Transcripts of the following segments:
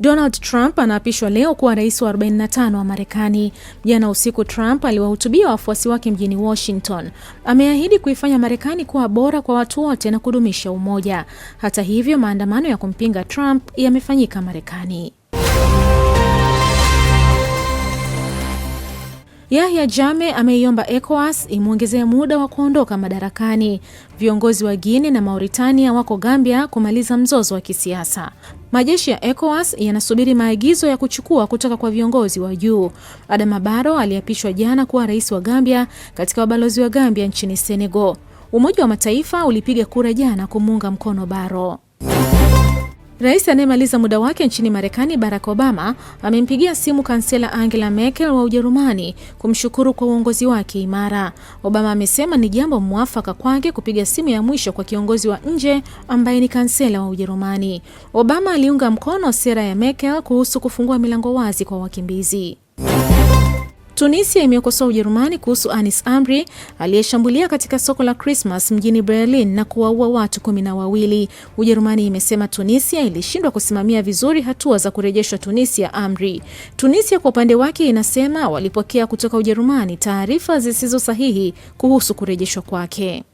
Donald Trump anaapishwa leo kuwa rais wa 45 wa Marekani. Jana usiku, Trump aliwahutubia wafuasi wake mjini Washington. Ameahidi kuifanya Marekani kuwa bora kwa watu wote na kudumisha umoja. Hata hivyo, maandamano ya kumpinga Trump yamefanyika Marekani. Yahya Jammeh ameiomba ECOWAS imwongezee muda wa kuondoka madarakani. Viongozi wa Guinea na Mauritania wako Gambia kumaliza mzozo wa kisiasa. Majeshi ya ECOWAS yanasubiri maagizo ya kuchukua kutoka kwa viongozi wa juu. Adama Barrow aliapishwa jana kuwa rais wa Gambia katika wabalozi wa Gambia nchini Senegal. Umoja wa Mataifa ulipiga kura jana kumuunga mkono Barrow. Rais anayemaliza muda wake nchini Marekani, Barack Obama amempigia simu kansela Angela Merkel wa Ujerumani kumshukuru kwa uongozi wake imara. Obama amesema ni jambo mwafaka kwake kupiga simu ya mwisho kwa kiongozi wa nje ambaye ni kansela wa Ujerumani. Obama aliunga mkono sera ya Merkel kuhusu kufungua milango wazi kwa wakimbizi. Tunisia imekosoa Ujerumani kuhusu Anis Amri aliyeshambulia katika soko la Krismas mjini Berlin na kuwaua watu kumi na wawili. Ujerumani imesema Tunisia ilishindwa kusimamia vizuri hatua za kurejeshwa Tunisia Amri. Tunisia kwa upande wake inasema walipokea kutoka Ujerumani taarifa zisizo sahihi kuhusu kurejeshwa kwake.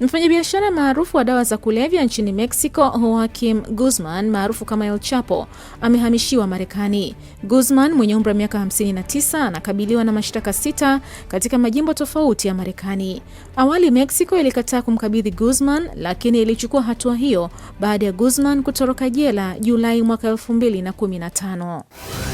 Mfanyabiashara maarufu wa dawa za kulevya nchini Mexico, Joaquin Guzman maarufu kama El Chapo amehamishiwa Marekani. Guzman mwenye umri wa miaka 59 anakabiliwa na mashtaka sita katika majimbo tofauti ya Marekani. Awali Mexico ilikataa kumkabidhi Guzman, lakini ilichukua hatua hiyo baada ya Guzman kutoroka jela Julai mwaka 2015.